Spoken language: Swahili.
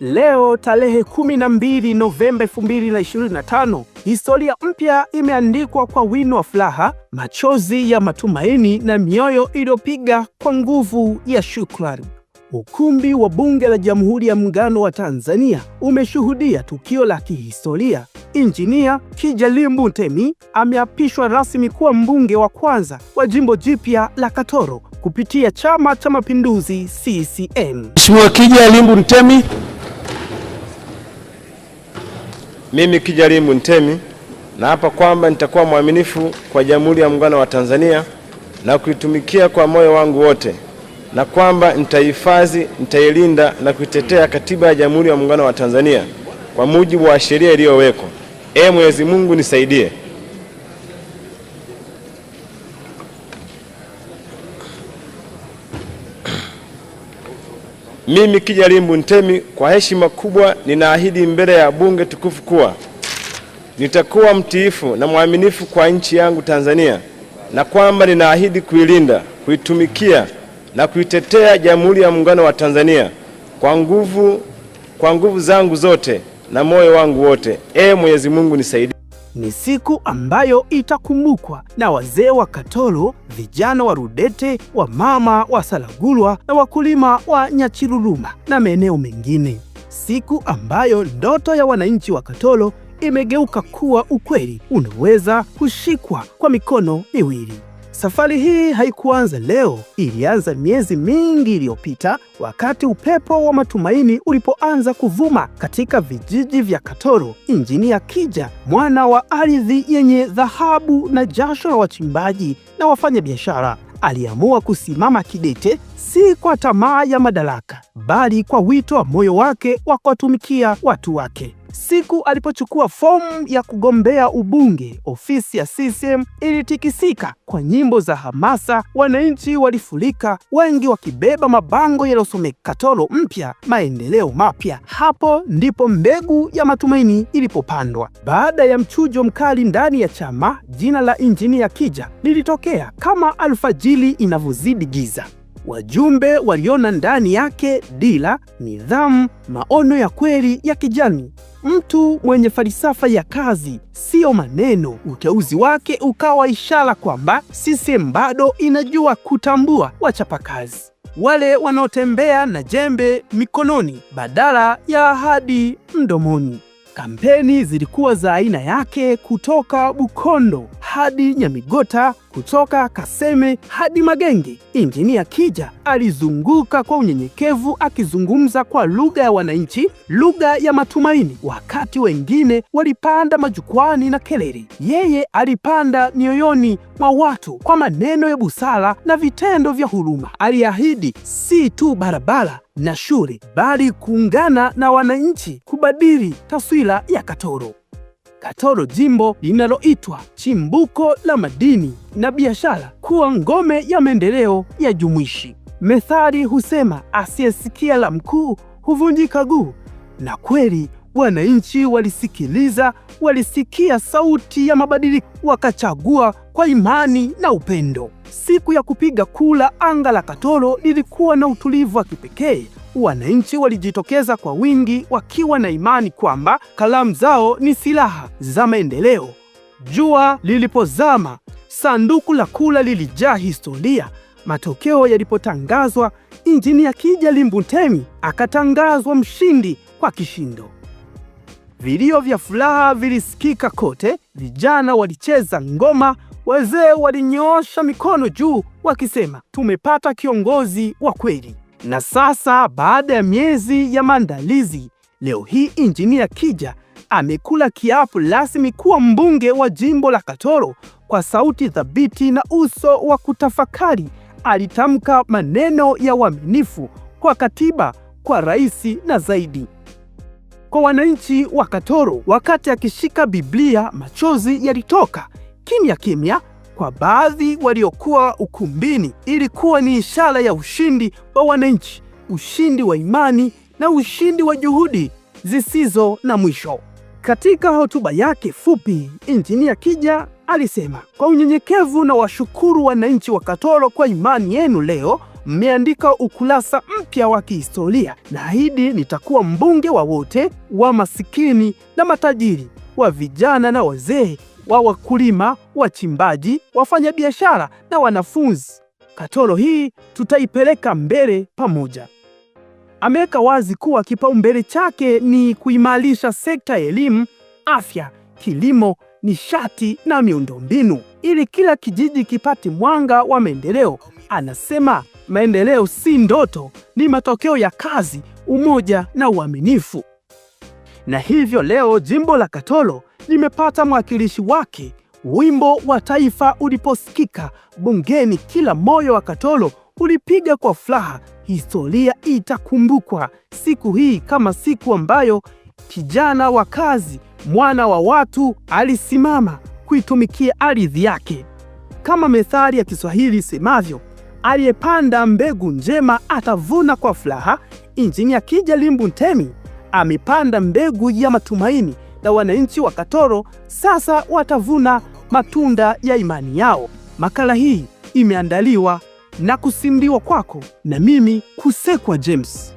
Leo tarehe 12 Novemba 2025, historia mpya imeandikwa kwa wino wa furaha, machozi ya matumaini na mioyo iliyopiga kwa nguvu ya shukrani. Ukumbi wa Bunge la Jamhuri ya Muungano wa Tanzania umeshuhudia tukio la kihistoria. Injinia Kijalimbu temi ameapishwa rasmi kuwa mbunge wa kwanza wa jimbo jipya la Katoro kupitia Chama cha Mapinduzi CCM. Mheshimiwa Kijalimbu Ntemi mimi Kijalimu Ntemi naapa kwamba nitakuwa mwaminifu kwa Jamhuri ya Muungano wa Tanzania na kuitumikia kwa moyo wangu wote, na kwamba nitahifadhi nitailinda na kuitetea Katiba ya Jamhuri ya Muungano wa Tanzania kwa mujibu wa sheria iliyowekwa. Ee Mwenyezi Mungu nisaidie. Mimi Kijalimu Ntemi kwa heshima kubwa ninaahidi mbele ya Bunge tukufu kuwa nitakuwa mtiifu na mwaminifu kwa nchi yangu Tanzania na kwamba ninaahidi kuilinda, kuitumikia na kuitetea Jamhuri ya Muungano wa Tanzania kwa nguvu, kwa nguvu zangu zote na moyo wangu wote. Ee Mwenyezi Mungu nisaidie ni siku ambayo itakumbukwa na wazee wa Katoro, vijana wa Rudete, wa mama wa Salagulwa na wakulima wa nyachiruruma na maeneo mengine, siku ambayo ndoto ya wananchi wa Katoro imegeuka kuwa ukweli unaweza kushikwa kwa mikono miwili. Safari hii haikuanza leo, ilianza miezi mingi iliyopita, wakati upepo wa matumaini ulipoanza kuvuma katika vijiji vya Katoro. Injinia Kija, mwana wa ardhi yenye dhahabu na jasho la wachimbaji na wafanyabiashara, aliamua kusimama kidete si kwa tamaa ya madaraka, bali kwa wito wa moyo wake wa kuwatumikia watu wake. Siku alipochukua fomu ya kugombea ubunge, ofisi ya CCM ilitikisika kwa nyimbo za hamasa. Wananchi walifurika, wengi wakibeba mabango yaliyosomeka tolo mpya, maendeleo mapya. Hapo ndipo mbegu ya matumaini ilipopandwa. Baada ya mchujo mkali ndani ya chama, jina la Injinia Kija lilitokea kama alfajili inavyozidi giza. Wajumbe waliona ndani yake dira, nidhamu, maono ya kweli ya kijani mtu mwenye falsafa ya kazi, siyo maneno. Uteuzi wake ukawa ishara kwamba CCM bado inajua kutambua wachapakazi, wale wanaotembea na jembe mikononi badala ya ahadi mdomoni. Kampeni zilikuwa za aina yake, kutoka Bukondo hadi Nyamigota kutoka Kaseme hadi Magenge, Injinia Kija alizunguka kwa unyenyekevu akizungumza kwa lugha ya wananchi, lugha ya matumaini. Wakati wengine walipanda majukwani na kelele, yeye alipanda mioyoni mwa watu kwa maneno ya busara na vitendo vya huruma. Aliahidi si tu barabara na shule, bali kuungana na wananchi kubadili taswira ya Katoro. Katoro, jimbo linaloitwa chimbuko la madini na biashara, kuwa ngome ya maendeleo ya jumuishi. Methali husema asiyesikia la mkuu huvunjika guu, na kweli wananchi walisikiliza, walisikia sauti ya mabadiliko, wakachagua kwa imani na upendo. Siku ya kupiga kura, anga la Katoro lilikuwa na utulivu wa kipekee wananchi walijitokeza kwa wingi wakiwa na imani kwamba kalamu zao ni silaha za maendeleo. Jua lilipozama, sanduku la kula lilijaa historia. Matokeo yalipotangazwa, Injinia Kijali Mbutemi akatangazwa mshindi kwa kishindo. Vilio vya furaha vilisikika kote, vijana walicheza ngoma, wazee walinyoosha mikono juu wakisema, tumepata kiongozi wa kweli. Na sasa baada ya miezi ya maandalizi, leo hii Injinia Kija amekula kiapo rasmi kuwa mbunge wa jimbo la Katoro. Kwa sauti thabiti na uso wa kutafakari, alitamka maneno ya uaminifu kwa katiba, kwa rais na zaidi kwa wananchi wa Katoro. Wakati akishika Biblia, machozi yalitoka kimya kimya, kwa baadhi waliokuwa ukumbini ilikuwa ni ishara ya ushindi wa wananchi, ushindi wa imani na ushindi wa juhudi zisizo na mwisho. Katika hotuba yake fupi, Injinia Kija alisema, kwa unyenyekevu na washukuru wananchi wa Katoro kwa imani yenu. Leo mmeandika ukurasa mpya wa kihistoria. Naahidi nitakuwa mbunge wa wote, wa masikini na matajiri, wa vijana na wazee wa wakulima, wachimbaji, wafanyabiashara na wanafunzi. Katoro hii tutaipeleka mbele pamoja. Ameweka wazi kuwa kipaumbele chake ni kuimarisha sekta ya elimu, afya, kilimo, nishati na miundombinu ili kila kijiji kipate mwanga wa maendeleo. Anasema maendeleo si ndoto, ni matokeo ya kazi, umoja na uaminifu na hivyo leo jimbo la Katoro limepata mwakilishi wake. Wimbo wa taifa uliposikika bungeni, kila moyo wa Katoro ulipiga kwa furaha. Historia itakumbukwa siku hii kama siku ambayo kijana wa kazi, mwana wa watu, alisimama kuitumikia ardhi yake, kama methali ya Kiswahili isemavyo, aliyepanda mbegu njema atavuna kwa furaha. Injinia Kija Limbu Ntemi amepanda mbegu ya matumaini na wananchi wa Katoro sasa watavuna matunda ya imani yao. Makala hii imeandaliwa na kusindiwa kwako na mimi Kusekwa James.